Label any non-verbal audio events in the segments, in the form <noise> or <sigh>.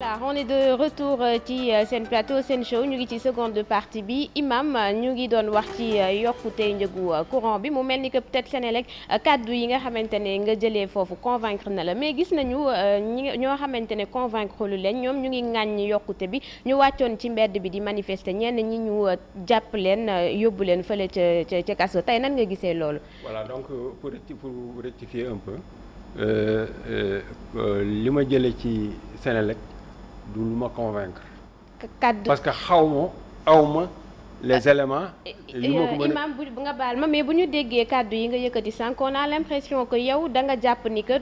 voilà on est retour euh, ci euh, seen plateau seen show ñu ngi ci seconde partie bi imam euh, ñu ngi doon wax ci yokkute njëgu courant bi mu mel ni que peut-être kaddu yi nga xamante ne nga jëlee foofu convaincre na la mais gis nañu ñi ñoo xamante ne convaincre lu leen ñoom ñu ngi ŋàññi yokkute bi ñu wàccoon ci mbedd bi di manifester ñenn ñi ñu jàpp leen yóbbu leen fële ca ca kaso tey nan nga gisee loolu. voilà donc pour pour rectifier un peu li ma jëlee ci Senelec. du lu ma convaincre. parce que xaw ma aw ma les euh, éléments. Euh, li ma ko euh, mën bu nga baal ma mais bu ñu déggee kaddu yi nga yëkkati sànq on a l'impression que yow da nga jàpp ni que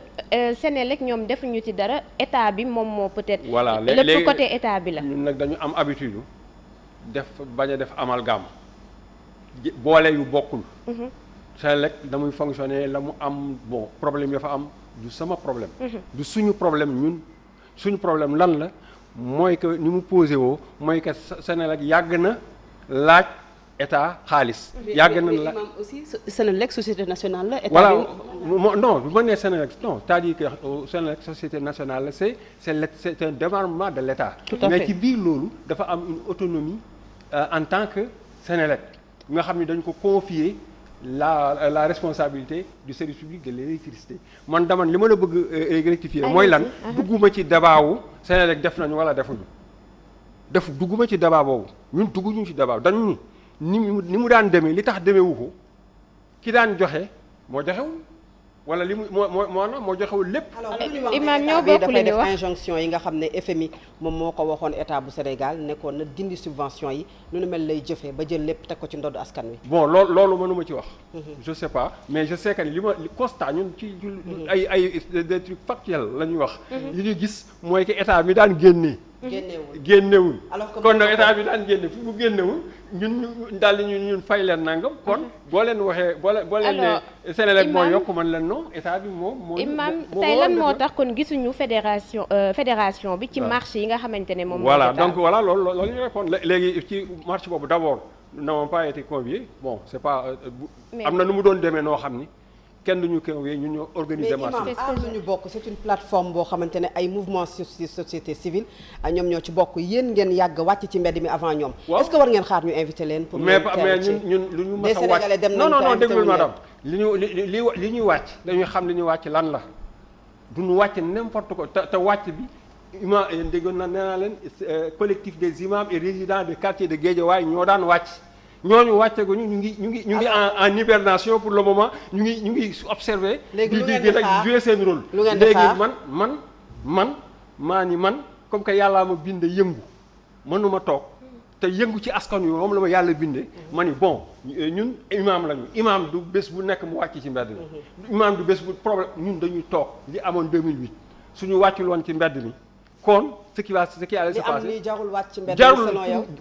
Sénélec ñoom ñu ci dara état bi moom moo peut-être. voilà lépp côté état bi la. ñun nag dañu am habitude def bañ a def amalgame boole yu bokkul. Mhm. Sénélec damuy fonctionner la mu am bon problème ya fa am du sama problème. Mhm. du suñu problème ñun suñu problème lan la. mooy que ni mu posé woo mooy que Senelec yàgg na laaj état xaalis. yàgg na laaj mais aussi Senelec société nationale la. état voilà non bu ma nee Senelec non c'est-à-dire que euh, Senelec société nationale la c'est c'est un démembrement de l'État. tout à fait mais ci biir loolu dafa am une autonomie euh, en tant que Senelec nga xam ni dañ ko confier. la la responsabilité du service public de l'électricité man dama li ma la bëgg rectifier euh, mooy lan uh-huh. dugguma ci dabaawu Senelec def nañu wala defuñu def dugguma ci dabaa boobu ñun dugguñu ci dabaaw dañu ni ni mu daan demee li tax demee wu ko ki daan joxe moo joxewul wala li mu moo moo moo moo joxewul lépp. imaam ñoo bokk li ñu wax dafay def injonction yi nga xam ne FMI moom moo ko waxoon état bu Sénégal nekkoon na dindi subvention yi nu nu mel lay jëfee ba jël lépp teg ko ci ndodd askan wi. bon loolu loolu mënuma ci wax. Mhm. je sais pas mais je sais que li ma constat ñun ci mhm. ay ay des trucs factuels la ñuy wax. Mhm. li ñu gis mooy que état mi daan génnee. Mmh. génnewul génnewul kon nag état bi daan génne fu mu génnewul ñun ñu daal di ñun ñun fay leen nangam kon mmh. boo leen waxee boo leen boo leen ne Senelec yokk man leen non état bi moo moo imam tey lan moo tax kon gisuñu fédération euh, fédération bi ci marché yi nga xamante ne moom voilà donc voilà loolu loolu ñu répondre léegi ci marché boobu d' abord n'avons pas été conviés bon c' est pas euh, am na nu mu doon demee noo xam ni kenn duñu kawee ñu ñoo organiser marche mais imam ñu bokk c'est une plateforme boo xamante ne ay mouvement société civile ah, ñoom ñoo ci bokk yéen ngeen yàgg wàcc ci mbedd mi avant ñoom est-ce que war ngeen xaar ñu invité leen pour mais mais ñun ñun lu ñu mës a wàcc dem non non non déglul madame li ñu li li ñuy wàcc dañuy xam li ñuy wàcc lan la duñu wàcc n'importe quoi te te wàcc bi imam déggoon na nee naa leen euh, collectif des imams et résidents de quartier de Guédiawaye ñoo daan wàcc ñooñu wàcceeguñu ñu ngi ñu ngi ñu ngi ah. en en hibernation pour le moment ñu ngi ñu ngi observer di di di rek jouer seen rôle léegi man man man maa ni man comme que yàlla ma bind yëngu mënuma toog te yëngu ci askan wi moom la ma yàlla bindee ma ni bon euh, ñun imaam lañu imaam du bés bu nekk mu wàcc ci mbedd mi mhm. imaam du bés bu problème ñun dañuy toog li amoon 2008 suñu wàccul woon ci mbedd mi kon ce qui va ce qui allait se passer li jarul wàcc mbedd jarul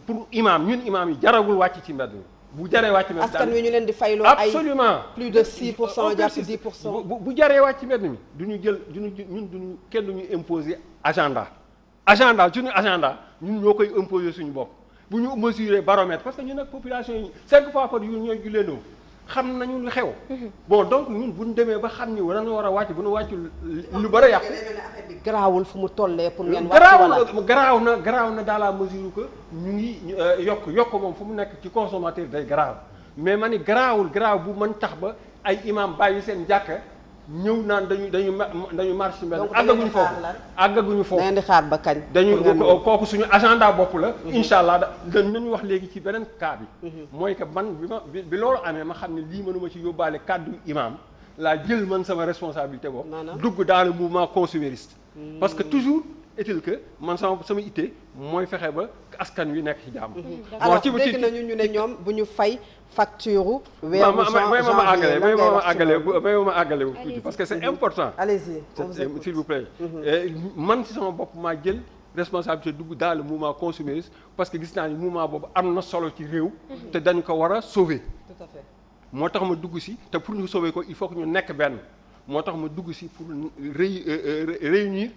pour imam ñun imam yi jaragul wàcc ci mbedd bu jaree wàcc mbedd askan wi ñu leen di fayloo ay absolument plus de 6 pour cent jàpp 10 pour cent bu jaree wàcc mbedd mi du ñu jël du ñun du ñu kenn du ñu imposer agenda agenda suñu agenda ñun ñoo koy imposer suñu bopp bu ñu mesurer baromètre parce que ñu nag population yi cinq fois par jour ñooy julleendoo xam nañu lu xew. Mhm. bon donc ñun bu ñu demee ba xam ni war nañu war a wàcc bu nu wàccul lu bëri yàqu. garaawul fu mu tollee pour ngeen. wàcc wala garaaw na garaaw na dans ma mesure ko ñu ngi euh, yokk yokk moom fu mu nekk ci consommateur day garaaw mais ma ni garaawul garaaw bu mën tax ba ay imam bàyyi seen jàkka. ñëw naan dañu dañu dañu marche mbedd àggaguñu foofu àggaguñu foofu dañu xaar ba kañ dañu kooku suñu agenda bopp la mhm. incha allah da nañu wax léegi ci beneen cas bi mhm. mooy que man bi ma bi loolu amee ma xam ne lii mënuma ci yóbbaale kàddu imaam laa jël man sama responsabilité bopp dugg dans le mouvement consumériste hmm. parce que toujours est-il que man sama sama ittee mooy fexe ba askan wi nekk ci jàmm mhm. alors dégg nañu ñu ne ñoom bu ñu fay facture weeru janvier ma àggale may ma àggale may ma àggale parce que c'est important allez-y vous plaît mhm. euh, man si sama bopp maa jël responsabilité dugg daal le mouvement consumériste parce que gis naa ni mouvement boobu am na solo ci réew mhm. te dañu ko war a sauver tout moo tax ma dugg si te pour ñu sauver ko il faut que ñu nekk benn moo tax ma dugg si pour euh, euh, réunir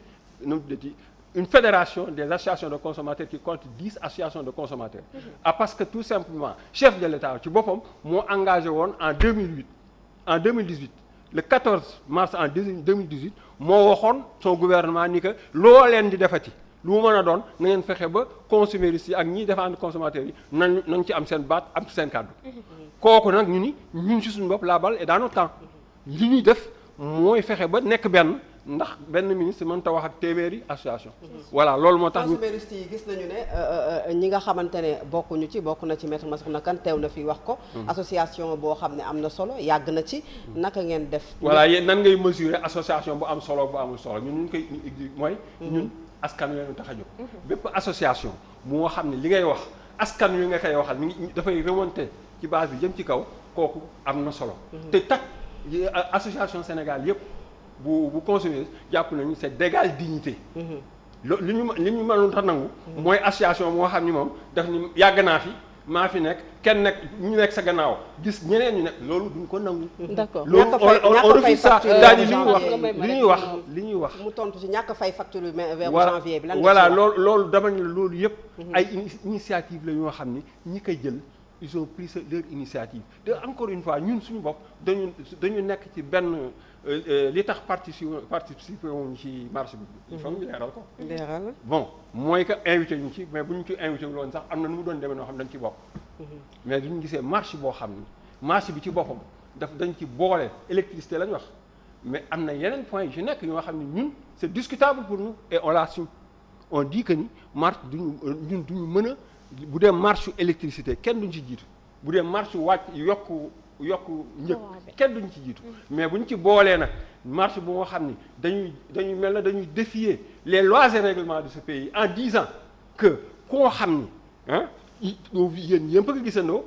nu mu tuddati une fédération des associations de consommateurs qui compte dix associations de consommateurs. ah parce que tout simplement chef de l'État ci boppam moo engagé woon en mille 2008 en 2018 le 14 mars en 2018 moo waxoon son gouvernement ni que loo leen di defati lu mu mën a doon na ngeen fexe ba consumériste yi ak ñiy défendre consommateurs yi nañ nañ ci am seen baat am ci seen kàddu. kooku nag ñu ni ñun si suñu bopp la bal est dans notre camp. li mooy fexe ba nekk benn. ndax benn ministre mën wax ak téeméeri association voilà loolu moo tax consuméristes yi gis nañu ne euh, euh, ñi nga xamante ne bokkuñu ci bokk na ci maître Massokhna Kane teew na fi wax ko hmm. association boo xam ne am na solo yàgg na ci hmm. naka ngeen def voilà yéen nan ngay mesurer association bu am solo bu amul solo ñun ñu koy mooy hmm. ñun askan wi ñu tax a bépp association moo xam ne li ngay wax askan wi nga kay waxal mi dafay remonter ci base bi jëm ci kaw kooku am na solo te euh, association Sénégal yëpp bu bu continuer jàpp nañu c'est d'égale dignité. Mhm. lo li ñu li ñu mënul a nangu. Mhm. mooy association moo xam ni moom daf ni yàgg naa fi maa fi nekk kenn nekk ñu nekk sa gannaaw gis ñeneen ñu nekk loolu duñ ko nangu. Mhm. d'accord ñàkk a fay loolu on refuse ça li ñuy wax li ñuy wax li mu tontu si ñàkk fay facture bi vers bi lan voilà loolu loolu dama ne loolu yëpp. ay initiative la yoo xam ni ñi koy jël. ils ont pris leur initiative te encore une fois ñun suñu bopp dañu dañu nekk ci benn euh, euh, li tax participé participé woon ci marché bi. il faut ko. Mm-hmm. leeral bon mooy que invité ñu ci mais bu ñu ci invité wu loon sax am na nu mu doon demee noo xam dañ ci bopp. Mm-hmm. mais duñu gisee marché boo xam ne marché bi ci boppam daf dañ ci boole électricité lañu wax mais am na yeneen point yu ci nekk yoo xam ni ñun c'est discutable pour nous et on l'assume on dit que ni marché duñu euh, ñun duñu mën bu dee marche électricité kenn duñ ci jiitu bu dee marche wàcc yokk yokk njëg kenn duñ ci jiitu mm. mais bu buñ ci boolee nag marche bu nga xam ni dañuy dañuy mel na dañuy défier les lois et règlements de ce pays en disant que koo xam ni ah yéen yëpp ko gisandoo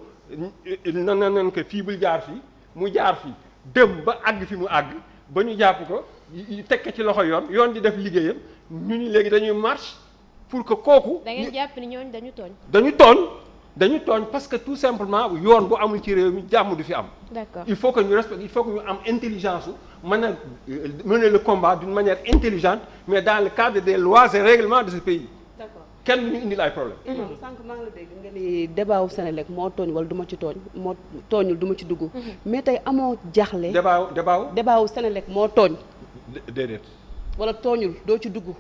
nan na nan que fii bul jaar fii mu jaar fii dem ba àgg fi mu àgg ba ñu jàpp ko tekk ci loxo yoon yoon di def liggéeyam ñu ni léegi dañuy marche pour que kooku. da ngeen jàpp ni ñooñu dañu tooñ. dañu tooñ dañu parce que tout simplement yoon bu amul ci réew mi jàmm du fi am. d'accord il faut que ñu respecte il faut que ñu am intelligence su mën a euh, mener le combat d'une manière intelligente mais dans le cadre des lois et règlements de ce pays. kenn ñu indil ay problème mm-hmm. sànq maa ngi la dégg nga ni débat wu Senelec moo tooñ wala duma ci tooñ moo tooñul du ma ci dugg mm-hmm. mais tey amoo jaaxle débat débat débat wu Senelec moo tooñ wala tooñul doo ci duggu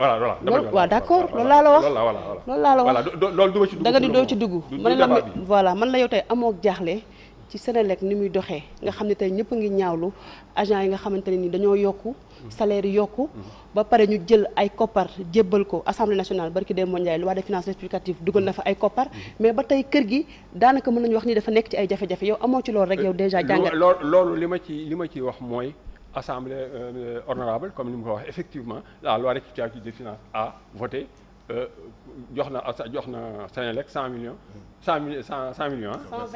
waa voilà. accord loolu laa la wax. loolu laa la wax loolu du ma ci doo ci dugg. man la voilà man la yow tey amoo jaaxle. ci Sénélec ni muy doxee nga xam ne tey ñëpp a ngi ñaawlu agent yi nga xamante ne ni dañoo yokk mm. salaire yokk yokku mm. ba pare ñu jël ay koppar jébbal ko assemblée nationale barki des mondial loi de finances rectificative dugal na fa ay koppar mm. mais ba tey kër gi daanaka mën nañu wax ni dafa nekk ci ay jafe-jafe yow amoo ci loolu rek euh, yow déjà jàngat loolu li ma ci li ma ci wax mooy assemblée euh, euh, honorable comme ni mu ko wax effectivement la loi rectificative des finances a voté Euh, jox na jox na Senelec cent millions. Hmm. cent mille cent cent millions ah.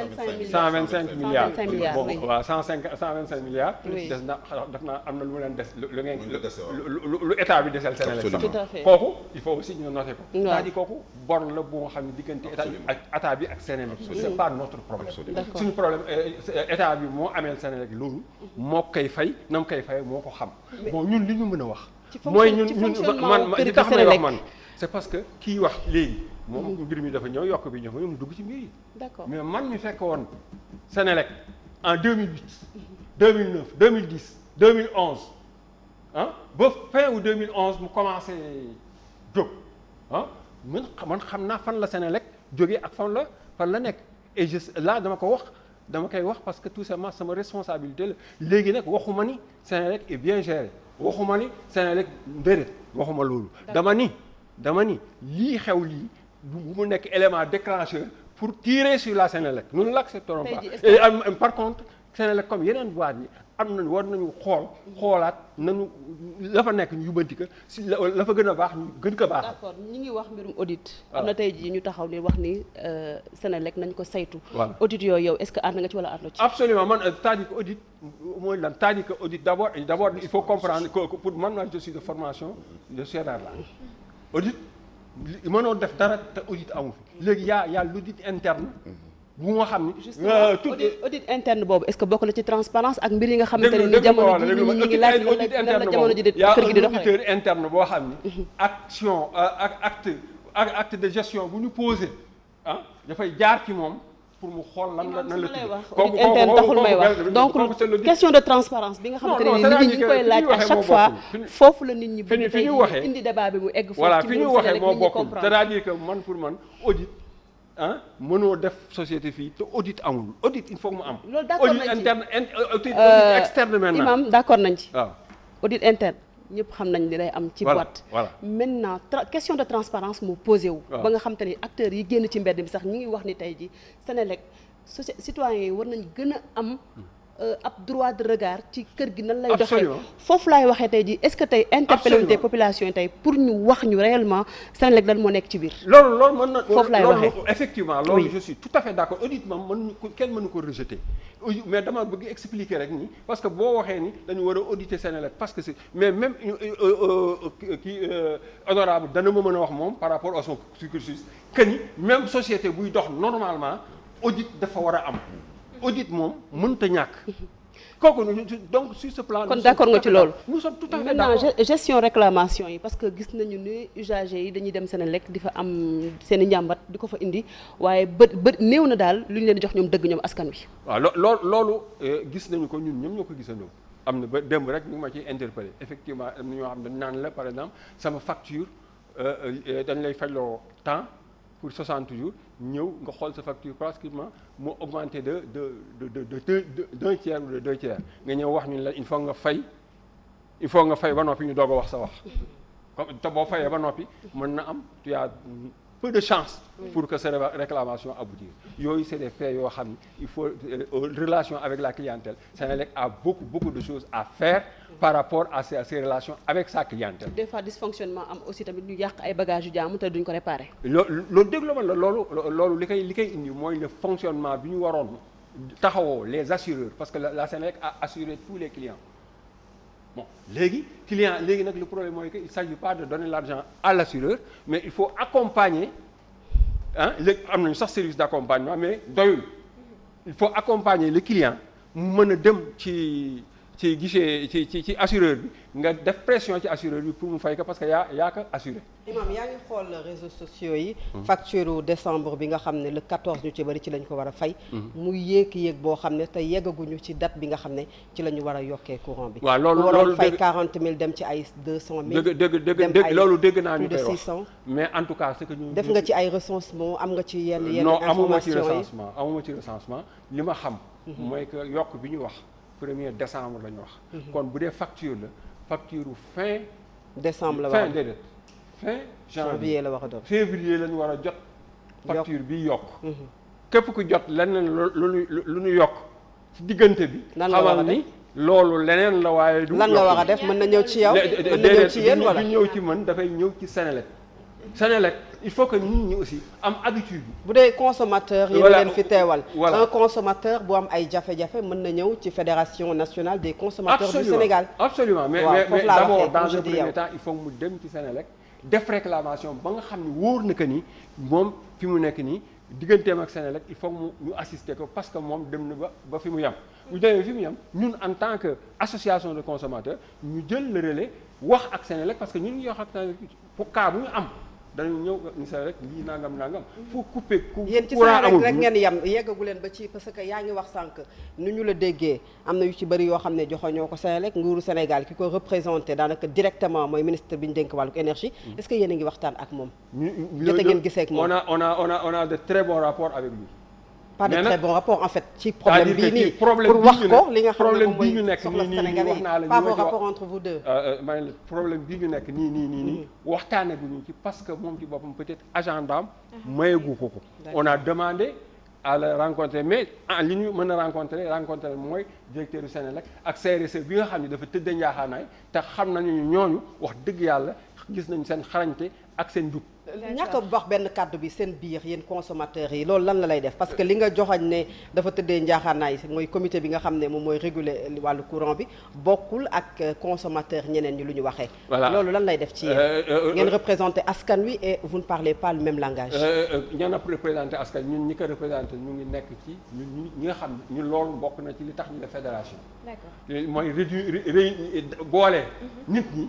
cent vingt cinq milliards cent vingt cinq cent cinq cent vingt cinq milliards. des na def na am na lu leen des. lu ngeen lu état bi desal Senelec sax kooku il faut aussi ñu noté ko. waaw cest à kooku bor la bu nga xam ne diggante état bi ak état bi ak Senelec. c'est pas notre problème. suñu problème euh, état bi moo ameel Senelec loolu. Mhm. moo koy fay na mu koy fay moo ko xam. bon ñun li ñu mën a wax. mooy ñun ñun man li tax may man. c'est parce que kii wax léegi. moom mm-hmm. mbir mi dafa ñëw yokk bi ñëw ñoom dugg ci mbir yi. d'accord mais man mi fekk woon Sénélec en 2008. 2009 2010 2011 ah ba fin ou 2011 mu commencé jóg ah man xam naa fan la Sénélec jóge ak fan la fan la nekk et je là dama ko wax dama koy wax parce que tout simplement sama responsabilité la léegi nag waxuma ni Sénélec et bien géré waxuma ni Sénélec déedéet waxuma loolu dama ni. dama ni lii xew lii bu mu nekk élément déclencheur pour tirer sur la Sénélec nous ne l'accepterons pas et par contre Sénélec comme yeneen boîte yi am nañu war nañu xool xoolaat nañu la fa nekk ñu yubbanti ko la fa gën a baax gën ko baax. d'accord ñu ngi wax mbirum audit. am na tey jii ñu taxaw ni wax ni euh, Sénélec nañ ko saytu. audit yooyu yow est-ce que ànd nga ci wala àndoo ci. absolument man euh, c'est-à-dire que audit mooy il faut comprendre pour man je suis de formation de CRR là. audit mënoo def dara te audit amu fi léegi yaa yaa l'audit interne bu nga xam ni. justement euh, audit interne boobu est-ce que bokk na ci transparence ak mbir yi nga xamante ne ni jamono ji ñu ngi laaj lan la jamono ji di kër gi di doxee auditeur interne boo xam ni action euh, ak acte ak acte de gestion bu ñu posé ah dafay jaar ci moom pour mu xool lan la nan la tudd interne taxul may wax donc question de transparence bi nga xam te nit ñi ñu koy laaj à chaque fois foofu la nit ñi bëgg fi waxee indi débat bi mu egg foofu voilà fi ñu waxee moo bokkul c'est-à-dire que man pour man audit mënoo def société fii te audit amul audit il foog mu am loolu d'accord nañ ci audit interne euh, audit externe maintenant imam d'accord nañ ci waaw audit ñëpp xam nañ li day am ci boîte maintenant question de transparence mu posé wu ba nga xam te ni acteurs yi génn ci mbedd bi sax ñi ngi wax ni tey ji Sénélec citoyens yi war nañ gën a am hmm. Euh, ab droit de regard ci kër gi nan lay doxee foofu laay waxee tey ji est-ce que tey interpellé tey population tey pour ñu wax ñu réellement Senelec lan moo nekk ci biir loolu loolu mën na foofu laay waxee effectivement loolu je suis tout à fait d'accord audit moom mënuñu ko kenn mënu ko rejeter mais dama bëgg expliquer rek ni parce que boo waxee ni dañu war a auditer Senelec parce que c'est mais même euh, euh, kii honorable dana ma mën a wax moom par rapport à son cursus que ni même société buy dox normalement audit dafa war a am audit moom mënta ñàkk. kooku donc su ce plan. kon d'accord nga ci loolu. nous sommes tout à fait d'accord maintenant gestion réclamation yi parce que gis nañu ni usagers yi dañuy dem seen lekk di fa am seen i njàmbat di ko fa indi waaye bët bë néew na daal lu ñu leen jox ñoom dëgg ñoom askan wi. waaw loo loolu euh, gis nañu ko ñun ñoom ñoo ko gisandoo am na ba démb rek ñu ngi ma ciy interpellé effectivement am na ñoo xam ne naan la par exemple sama facture euh, euh, dañ lay faj loo temps. pour 60 jours ñëw nga xool sa facture pratiquement moo augmenté de de de de de d'un tiers ou de deux nga ñëw wax ñu la il faut nga fay il faut nga fay ba noppi ñu doog wax sa wax comme te boo fayee ba noppi mën na am tu peu de chance pour que ces réclamations aboutissent yooyu c'est des faits yoo xam ni il faut en euh, euh, relation avec la clientèle Senelec a beaucoup de choses à faire par rapport à ses, à ses avec sa clientèle des fois dysfonctionnement am aussi tamit ñu yàq ay bagage yu jaamu te duñ ko réparer loo loolu déglu loolu li koy li koy indi mooy le fonctionnement bi ñu waroon taxawoo les assureurs parce que la Senelec a assuré tous les clients bon léegi client léegi nag lu problème mooy que il s'agit pas de donner l'argent à l'assureur mais il faut accompagner ah léegi am nañu sax service d'accompagnement mais doyul il faut accompagner le client mu mën a dem ci ci guichet ci ci ci assureur bi nga def pression ci assureur bi pour mu fay ko parce que yaa yaa ko assuré. imam yaa ngi xool réseaux sociaux yi. Hmm. facture décembre bi nga xam ne le 14 ñu ci bëri ci lañ ko war a fay. Hmm. mu yéek yéeg boo xam ne te yeggaguñu ci date bi nga xam ne ci la ñu war a yokkee courant bi. waa loolu loolu waroon fay 40 000 dem ci ay 200 000. dëgg dëgg dëgg loolu dégg naa ñu koy wax mais en tout cas ce que ñu. def nga ci ay recensement am nga ci yenn yenn. information yi non amuma ci recensement ma xam. Hmm. mooy que yokk bi ñu wax. premier décembre la ñu wax. Mhm. kon bu dee facture la facture fin. décembre la wax a déedéet fin janvier la wax doon février la ñu war a jot. facture bi yokk. Mhm. képp ku jot leneen lu lu ñu yokk ci diggante bi. lan la xamal ni loolu leneen la waaye. du lan la war a def mën na ñëw ci yow. mën na ñëw ci yéen wala ñëw ci man dafay ñëw ci Senelec. Senelec il faut que nit ñi aussi am habitude bu dee consomateur yi leen fi teewal un consommateur bu am ay jafe-jafe mën na ñëw ci fédération nationale des consommateurs du Sénégal absolument mais ouais, mais, mais d'abord dans un premier temps il faut mu dem ci Senelec def réclamation ba nga xam ni wóor na que ni moom fi mu nekk nii digganteem ak Senelec il faut mu ñu assister ko parce que moom dem na ba ba fi mu yem bu demee fi mu yem ñun en tant que association de consommateurs ñu jël le wax ak Senelec parce que ñun ñuy ak Senelec am dañu ñëw ñu sa rek lii nangam nangam. Mm-hmm. fu coupé courant amul yéen ci saa rek rek ngeen yem yeggagu leen ba ci parce que yaa ngi wax sànq nu ñu la déggee am na yu ci bëri yoo xam ne ñoo ko Senelec nguuru Sénégal ki ko représenté daanaka directement mooy ministre bi ñu dénk wàllu énergie. Mm-hmm. est-ce que yéen ngi waxtaan ak moom. ñu jote ngeen gisee ak moom on a on a on a on a de très bons rapports avec lui. pas de très bon rapport en fait ci problème bii nii ko li nga xam ne moom mooy soxla Sénégalais yi pas bon rapport entre vous deux euh, euh, ma ne la problème bii ñu nekk nii nii nii nii mm. waxtaane gu ñu ci parce que moom ci boppam peut-être agendaam mm-hmm. mayagu ko ko on a demandé à la rencontrer mais ah li ñuy mën a rencontrer rencontrer mooy directeur du Sénélec ak CRC e bi nga xam ne dafa tëdd njaaxaanaay te xam nañu ñu ñooñu wax dëgg yàlla gis nañ seen xarañte ak seen jub ñàkk a wax benn kàddu bi seen biir yéen consommateurs yi loolu lan la lay def parce que li nga joxañ ne dafa tëddee njaaxaanaay mooy comité bi nga xam ne moom mooy réguler wàllu courant bi bokkul ak euh, consommateur ñeneen ñi lu ñu waxee loolu lan lay def ci yéen euh, euh, ngeen représenté askan wi et vous ne parlez pas langage ñan a représenté askan ñun ñi ñu ngi nekk ci ñun ñi nga xam ne loolu bokk na ci li tax ñu ne fédération d'accord mooy réduire boole mhm. nit ñi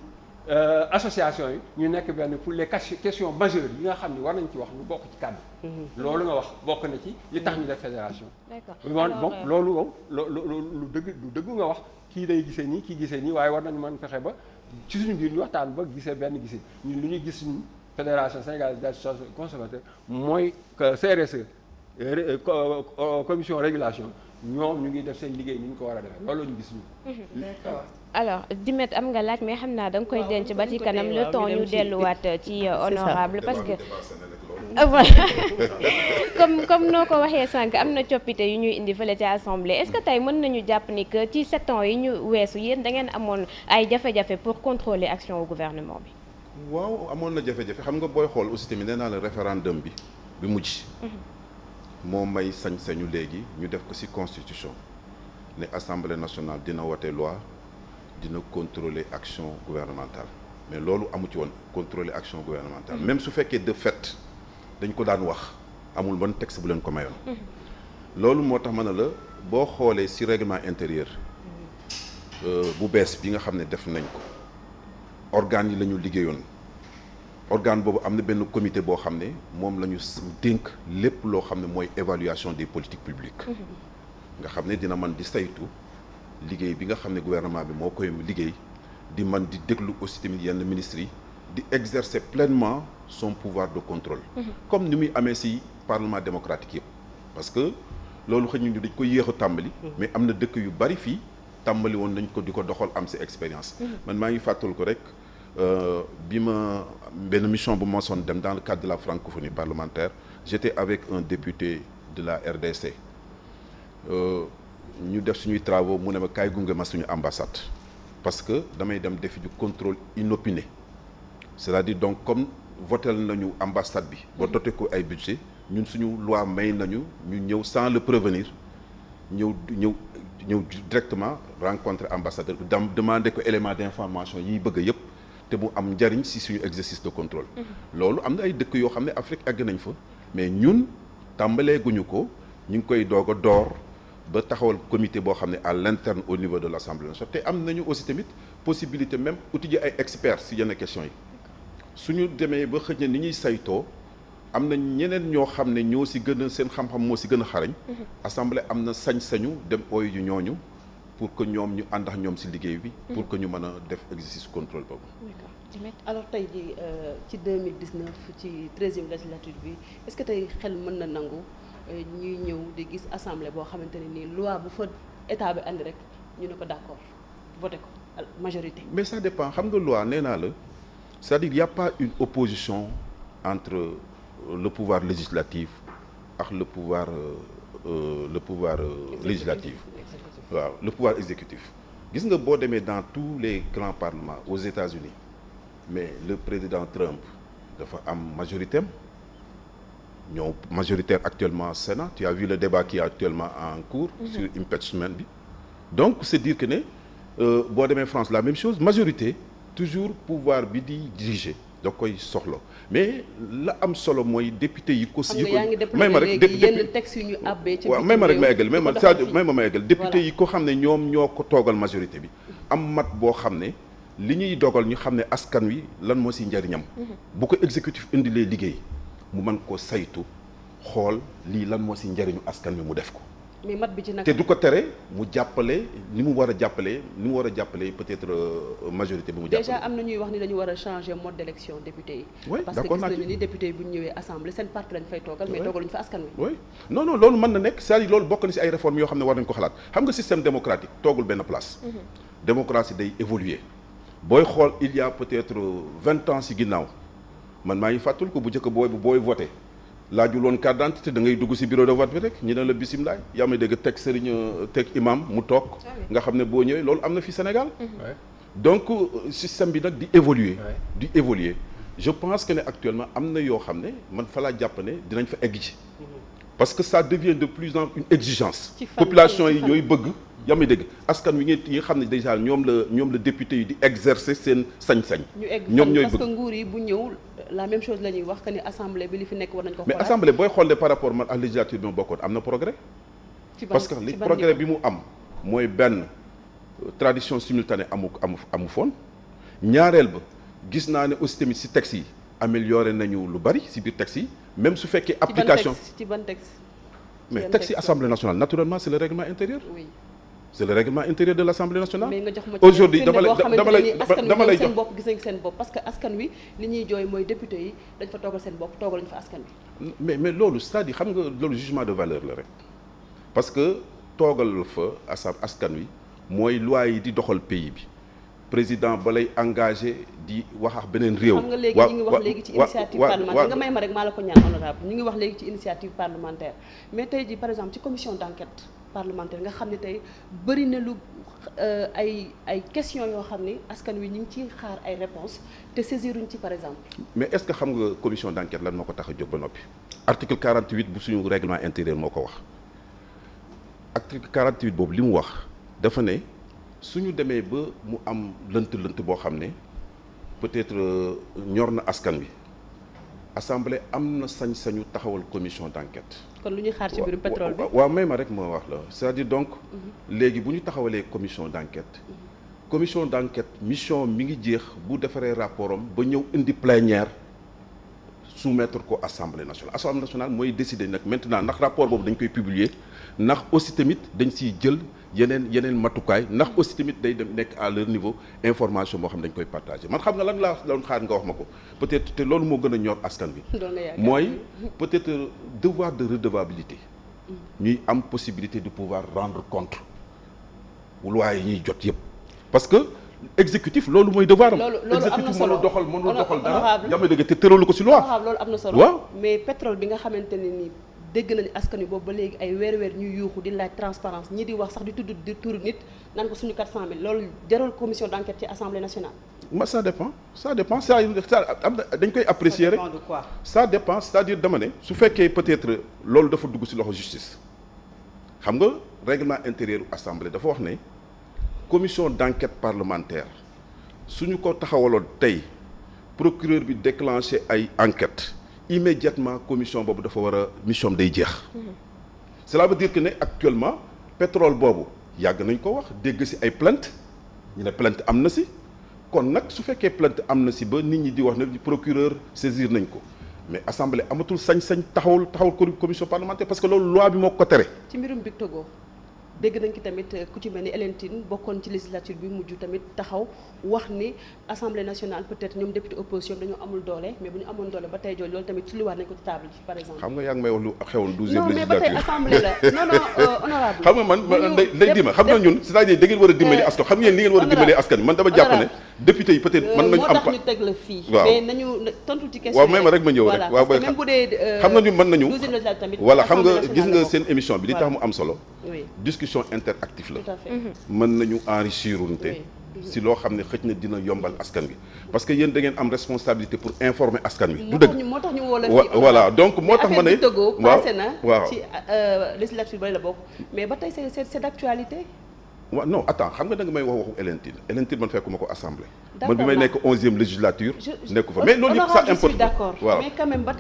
Euh, association yi ñu nekk benn pour les questions majeures yi nga xam ne war nañ ci wax ñu bokk ci kàddu. Mhm. loolu nga wax bokk na ci li tax ñu def fédération. d'accord bon euh, loolu moom lu dëgg dëgg nga wax kii day gisee nii kii gisee nii waaye war nañu man fexe ba ci suñu biir ñu waxtaan ba gisee benn gisee ñun lu ñuy gis ñun fédération sénégalaise des consommateurs mooy que CRSE euh, commission régulation ñoom ñu ngi def seen liggéey ni ñu ko war a defee loolu la ñu gis ñun. Mhm. d'accord alors Dimet am nga laaj mais xam naa da nga koy denc ba ci kanam le temps ñu delluwaat ci honorable parce que voilà <laughs> comme comme noo ko waxee sànq am na coppite yu ñuy indi fële ci assemblée est-ce que tey mën nañu jàpp ni que ci sept ans yi ñu weesu yéen da ngeen amoon ay jafe-jafe pour contrôler action au gouvernement bi waaw amoon na jafe-jafe xam nga booy xool aussi tamit nee naa la référendum bi bi mujj mhm. moo may sañ-sañu léegi ñu def ko ci constitution ne assemblée dina wote loi dina contrôler action gouvernementale mais loolu amu ci woon contrôler action gouvernementale même su fekkee de fait dañ ko daan wax amul ban texte bu leen ko mayoon loolu moo tax ma ne la boo xoolee ci règlement intérieur euh, bu bees bi nga xam ne def nañ ko organe yi la liggéeyoon organe boobu am na benn comité boo xam ne moom la ñu dénk lépp loo xam ne mooy évaluation des politiques publiques mm-hmm. nga xam ne dina mën di saytu liggéey bi nga xam ne gouvernement bi moo koy liggéey di man di déglu aussi tamit yenn ministres yi di exercer pleinement son pouvoir de contrôle. Mhm. comme ni muy amee ci parlement démocratique yëpp. parce que loolu xëy ñu dañ ko yéex a tàmbali. Mhm. mais am na dëkk yu bari fii tàmbali woon nañ ko di ko doxal am si expérience. Mhm. man maa ngi fàttal ko rek euh, bi ma benn mission bu ma sonn dem dans la cadre de la francophonie parlementaire j'étais avec un député de la RDC. Euh, def suñuy travaux mu ne ma kaay gunge ma suñu ambassade parce que damay dem defi ju contrôle inopiné c'est-à-dire donc comme votel nañu ambassade bi ba dote ko ay budget ñun suñu loi may nañu ñu ñëw sans le prévenir ñëw ñëw ñëw directement rencontrer ambassadeur bi dam demander ko élément d'information yiy bëgg yëpp te mu am njariñ si suñu exercice de control mm-hmm. loolu am na ay dëkk yoo xam ne Afrique àgg nañ fa mais ñun tàmbaleeguñu ko ñu ngi koy doog a door ba taxawal comité boo xam ne à l'interne au niveau de l'Assemblée nationale te am nañu aussi tamit possibilité même outiller ay experts si yenn questions yi ñu demee ba xëj na ni ñuy saytoo am na ñeneen ñoo xam ne ñoo si gën a seen xam-xam moo si gën a xarañ mhm. assemblée am na sañ-sañu dem ooy yu ñooñu pour que ñoom ñu àndax ñoom si liggéey bi mhm. pour que ñu mën a def exercice contrôle boobu alors tey jii euh, ci 2019 ci treizième législature bi est que tey xel mën na nangu ñuy ñëw di gis assemblée boo xamante ne nii loi bu fa état bi andi rek ñu ne ko d'accord voté ko majorité. mais ça dépend xam nga loi nee naa la c'est-à-dire il a pas une opposition entre euh, le pouvoir législatif ak le pouvoir euh, euh le pouvoir euh, législatif waaw le pouvoir exécutif gis nga boo demee dans tous les grands parlements aux États-Unis mais le président Trump dafa am majorité ñoo majoritaire actuellement Sénat tu as vu le débat qui actuellement en cours mm -hmm. sur impeachment bi donc c'est dire que ne euh, boo demee France la même chose majorité toujours pouvoir bi di diriger da koy soxla mais la am solo mooy député yi ko si yi ko may ma rek waaw may ma rek ma eggal may ma may ma ma eggal député yi ko xam ne ñoom ñoo ko toogal majorité bi am mat boo xam ne li ñuy dogal ñu xam ne askan wi lan moo si njariñam mhm. bu ko exécutif indilee liggéey mu mën ko saytu xool lii lan moo si njëriñu askan wi mu def ko. mais mat bi ci nag te du ko tere mu jàppale ni mu war a jàppale ni mu war a jàppale peut-être euh, majorité bi mu jàppale. déjà am na ñuy wax ni dañu war a changer mode d'élection député yi. parce que gis nañu ni député yi bu ñëwee assemblée seen parti lañ fay toogal. mais toogaluñ fa askan wi. oui non non loolu mën na nekk c'est-à-dire loolu bokk na si ay réformes yoo xam ne war nañu ko xalaat xam nga mhm. booy xool il peut-être euh, vingt si ginnaaw. man maa ngi fàttul ko bu njëkk booy bu booy voté laajul loon carte d'identité da ngay dugg si bureau de vote bi rek ñu ne la bisimilah yaa may dégg teg sëriñ euh, teg imam mu toog ah nga xam ne boo ñëwee loolu am na fi Sénégal mhm. donc euh, système bi nag di évoluer di évoluer je pense que ne actuellement am na yoo xam ne man fa laa jàpp ne dinañ fa egg ci mhm. parce que ça devient de plus en plus une exigence population yi ñooy bëgg yaa ngi dégg askan wi nga xam ne déjà ñoom la ñoom la député yi di exercer seen sañ-sañ. ñoom ñooy bëgg parce nguur yi bu ñëw la même chose la ñuy wax que ni assemblée bi li fi nekk war nañ ko mais assemblée booy xoolee par rapport man ak législature bi parce que li progrès bi mu am mooy benn tradition simultanée amu amu amu foon ñaareel ba gis naa ne aussi tamit si texte yi amélioré nañu lu bari si biir texte yi même su fekkee application ci ban texte ci ban texte mais texte yi assemblée nationale naturellement c'est le règlement intérieur. c'est le règlement intérieur de l'Assemblée nationale. aujourd'hui dama lay dama lay dama lay jox seen bopp gis nañ seen bopp parce que askan wi li ñuy jooy mooy député yi dañ fa toogal seen bopp toogaluñ fa askan wi. askan wi mooy loi yi di doxal pays bi président ba lay engagé di wax ak beneen réew. xam nga léegi ñu ngi wax léegi ci initiative parlementaire nga maa la ko ñaan honorable ñu ngi wax léegi ci initiative parlementaire mais tey jii par exemple ci commission d'enquête parlementaire nga xam ne tey bëri na lu euh, ay ay questions yoo xam ne askan wi ñu ngi ci xaar ay réponses te saisiruñ ci par exemple. mais est-ce que xam nga commission d'enquête lan moo ko tax a jóg ba noppi. article 48 bu suñu règlement intérieur moo ko wax article 48 boobu li mu wax dafa ne suñu demee ba mu am lënt-lënt boo xam ne peut-être euh, ñor na askan wi assemblée am na sañ-sañu taxawal commission d'enquête. kon lu ñuy xaar ci mbirum pétrole bi waaw may ma rek moo wax la c'est-à-dire donc mhm. léegi bu ñu taxawalee commission d'enquête mhm. commission d'enquête mission mi ngi jeex bu defaree rapport am ba ñëw indi plénière soumettre ko assemblée nationale assemblée nationale mooy décider nag maintenant ndax rapport boobu dañ koy publier ndax aussi tamit dañ siy jël yeneen yeneen matukaay ndax aussi tamit day dem nekk à leur niveau information boo xam ne dañ koy partager man xam na lan laa doon xaar nga wax ko peut-être te loolu moo gën a ñor askan bi mooy peut-être devoir de redevabilité ñuy am possibilité de pouvoir rendre compte loi yi ñuy jot yëpp exécutif loolu mooy devoir am. exécutif mënul doxal mënul doxal dara yaa ma dégg te tëralu ko si loi. loolu am na solo waaw mais pétrole bi nga xamante ne nii dégg nañu askan wi boobu ba léegi ay weer weer ñuy yuuxu di laaj transparence ñi di wax sax di tudd di turu nit naan ko suñu 400000 loolu jarul commission d' enquête ci assemblée nationale. ma ça dépend ça dépend ça am na dañ koy apprécier rek. ça dépend c' est à dire dama ne. su fekkee peut être loolu dafa dugg si loxo justice xam nga règlement intérieur assemblée dafa wax ne. commission d'enquête parlementaire ñu ko taxawaloo tey procureur bi déclanché ay enquête immédiatement commission boobu dafa war a mission day jeex cela veut que ne actuellement pétrole boobu yàgg nañ ko wax dégg si ay plainte ñu ne plant am na si kon nag su fekkee plainte am na ci ba nit ñi di wax ne procureur saisir nañ ko mais assemblée amatul sañ-sañ taxawul taxawul commission parlementaire parce que loolu loi bi moo ko tere. ci mbirum dégg nañ ki tamit ku ci mel ni Hélène Tine bokkoon ci législature bi mujj tamit taxaw wax ni assemblée nationale peut ñoom député opposition dañoo amul doole mais bu ñu amoon doole ba tey jooju loolu tamit tulluwaat nañ ko ci table par exemple. xam nga yaa ngi may wax lu xewoon douzième législature euh, xam nga man day dima xam na ñun c'est-à-dire da ngeen war a dimbali eh, askan xam ngeen li ngeen war a dimbali askan man dama jàpp député yi peut-être mën nañu euh, am moo tax waaw mais nañu tontu ci question waaw ma ñëw rek waaw booy même bu dee euh, xam nga ñu mën nañu voilà xam nga gis nga seen émission bi li tax mu am solo discussion interactive la mhm. mën nañu enrichir unte si loo xam ne xëj na dina yombal askan bi parce que yéen da ngeen am responsabilité pour informer askan bi du dëgg moo tax ñu woo la donc moo tax ma ne tëggoo passé na waaw ci euh, législature bari la bokk mais ba tey c'est c'est d'actualité waaw non attends xam nga da nga may wax waxu Hélène Tine Hélène Tine man fekkuma ko assemblée. man bi may nekk onzième législature. nekk ko fa mais loolu yëpp ça importe d'accord mais quand même ba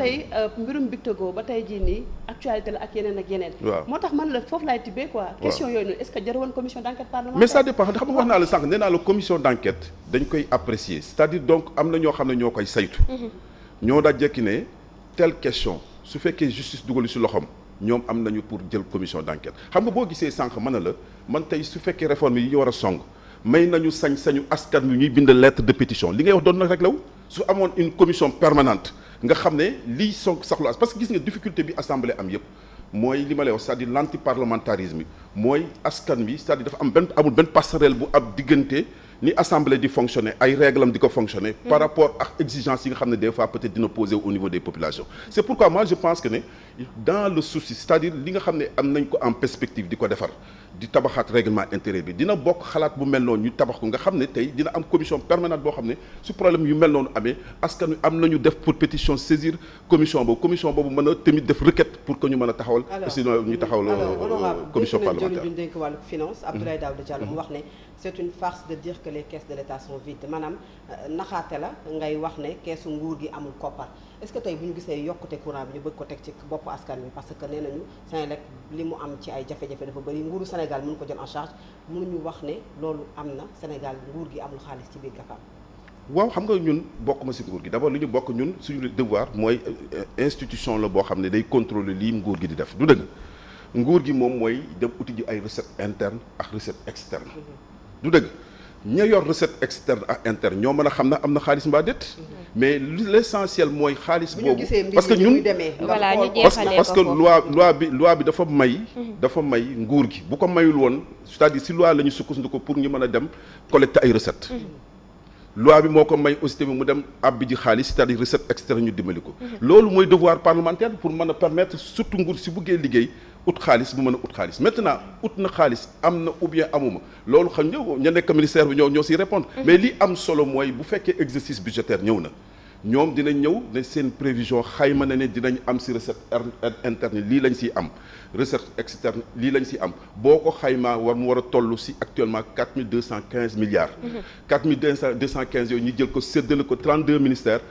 euh, moo tax man la foofu laay tibbee quoi. question yooyu noonu est-ce que jaroon commission d'enquête parlementaire. mais ça dépend xam nga wax naa la sànq nee la commission d'enquête dañ koy apprécier c'est-à-dire donc am na ñoo xam ne ñoo koy saytu. Mhm. ñoo daa jekki ne telle question su fekkee justice dugal si loxoom ñoom am nañu pour jël commission d'enquête xam nga boo gisee sànq mën na la man tey su fekkee réforme yi ñu war a song may nañu sañ-sañu askan wi ñuy bind lettre de pétition li ngay wax doon na rek law su amoon une commission permanente nga xam ne liy song saxlu as parce que gis nga difficulté bi assemblée am yëpp mooy li ma lay wax c'est-à-dire l'antiparlementarisme bi mooy askan bi c'est-à-dire dafa am benn amul benn passerelle bu ab diggante ni assemblée di fonctionner ay règles am di ko mm. pense que dans le souci c'est-à-dire li nga xam ne am nañ ko en perspective di ko defar di tabaxaat règlement intérieur bi dina bokk xalaat bu mel noonu ñu tabax ko nga xam ne tey dina am commission permanente boo xam ne su problème yu mel noonu amee askan wi am nañu def pour pétition saisir commission boobu commission boobu mën a tamit def requête pour que ñu mën a taxawal sinon ñu taxawal euh, commission parlementaire alors honorable dénk finance Abdoulaye Daouda Diallo mu wax ne c'est une farce de dire que les caisses de l'État sont vides maanaam euh, naxaate la ngay wax ne keesu nguur gi amul koppar est-ce que tey bu ñu gisee yokkute courant bi ñu bëgg ko teg ci bopp askan wi parce que nee nañu Senelec li mu am ci ay jafe-jafe dafa bëri nguuru Sénégal mënu ko jël en charge ñu wax ne loolu am na Sénégal nguur gi amul xaalis ci biir GAFAM waaw xam nga ñun bokk ma si nguur gi d'abord lu ñu bokk ñun su suñu devoir mooy euh, institution la boo xam ne day contrôler lii nguur gi di def du dëgg nguur gi moom mooy dem uti ji ay recette interne ak recette du dëgg ña yor recette externe ak interne ñoo mën a xam na am na xaalis mbaa déet mais l' essentiel mooy xaalis boobu parce que ñun parce que loi loi bi loi dafa may mhm. dafa may nguur gi bu ko mayul woon c' est à dire si loi la ñu sukkandiku pour ñu mën a dem collecter ay recette mhm. loi bi moo ko may aussi mu dem àbbi ji xaalis c'est-à-dire recette externe ñu dimbali ko mhm. loolu mooy devoir parlementaire pour mën a permettre surtout nguur si buggee liggéey ut xaalis mu mën a ut xaalis maintenant ut na xaalis am na ou bien amuma loolu xam nga ña nekk ministère bi ñoo ñoo siy répondre mhm. mais li am solo mooy bu fekkee exercice ñëw na ñoom dinañ ñëw ne seen prévision xayma na ne dinañ am si recette er, er, interne lii lañ siy am recette externe lii lañ si am boo ko xaymaa war mu war toll si actuellement quatre cent quinze milliards. Mhm. quatre mille ñu jël ko séddale ko trente deux ministères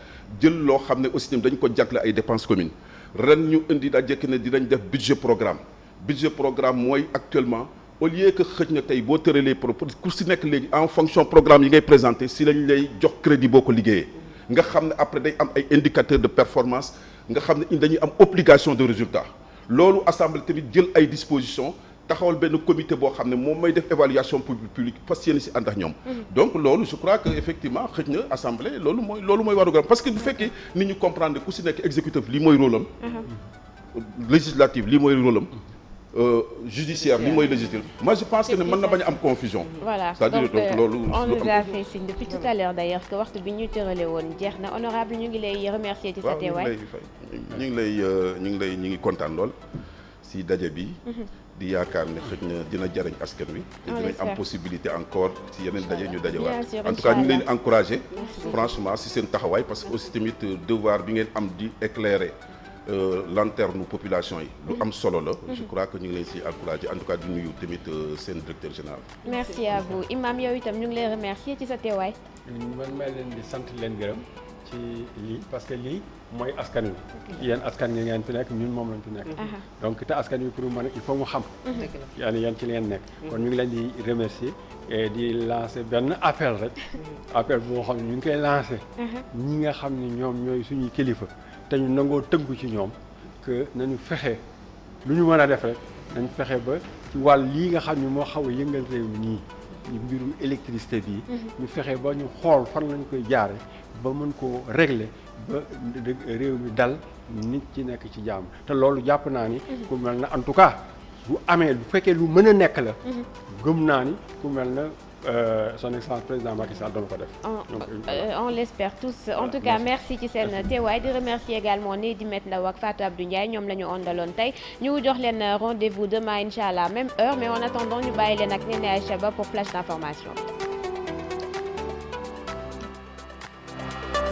jël loo xam ne aussi dañ ko jagle ay dépenses communes. ren ñu indi daa jekki ne dinañ def budget programme budget programme mooy actuellement au lieu que xëj na tey boo tëralee propos ku si nekk léegi en fonction programme yi ngay présenté si lañ lay jox crédit boo ko liggéeyee nga xam ne après day am ay indicateur de performance nga xam ne dañuy am obligation de résultat loolu assemblée tamit jël ay dispositions taxawal benn comité boo xam ne moom mooy def évaluation publique fas yéene si ànd ak ñoom. Mhm. donc loolu je crois que effectivement xëj na assemblée loolu mooy loolu mooy warugaram parce que bu fekkee nit ñu comprendre ku si nekk exécutif lii mooy rôle am. Mhm. législative lii mooy rôle mhm. euh, judiciaire li mooy légitime. moi je pense ne mën na bañ a am confusion. voilà donc euh, loolu on nous a fait signe depuis tout euh, si daje bi. di yaakaar ne xëj na dina jariñ askan wi te ah, dinañ am possibilité encore si yeneen daje ñu dajewaat en tout cas ñu leen encouragé franchement si seen taxawaay parce que aussi tamit euh, devoir bi ngeen am di éclairer euh, lanterne population yi lu am solo la mhm. je crois que ñu ngi leen si encouragé en tout cas di tamit euh, seen directeur général merci à vous imam yow itam ñu ngi lay remercier ci sa teewaay man maa leen di leen gërëm lii parce que lii mooy askan wi yéen askan yi ngeen fi nekk ñun moom lañu fi nekk donc te askan wi pour mu mën i il faut mu xam yaan yéen ci leen nekk kon ñu ngi leen di remercier et di lancer benn appel rek appel boo xam ne ñu ngi koy lancer ñi nga xam ne ñoom ñooy suñuy kilifa te ñu nangoo tëggu ci ñoom que nañu fexe lu ñu mën a def rek nañ fexe ba ci wàll lii nga xam ne moo xaw a yëngal réew mi nii mbirum électricité bi ñu fexe ba ñu xool fan lañ koy jaare ba mën ko régle ba réew mi dal nit ci nekk ci jàmm te loolu jàpp naa ni. Mhm. ku mel na en tout cas bu amee bu fekkee lu mën a nekk la. Mhm. gëm naa ni ku mel na. Euh, son excellence président Macky Sall doon ko def. Euh, euh, on l'espère tous en tout cas merci ci seen teewaay di remercier également nii di met Ndaw ak Fatou Abdou Ndiaye ñoom la ñu ondaloon tey ñu jox leen euh, rendez-vous demain incha allah même heure mais en attendant ñu bàyyi leen ak Néné Aïcha Ba pour flash d'information.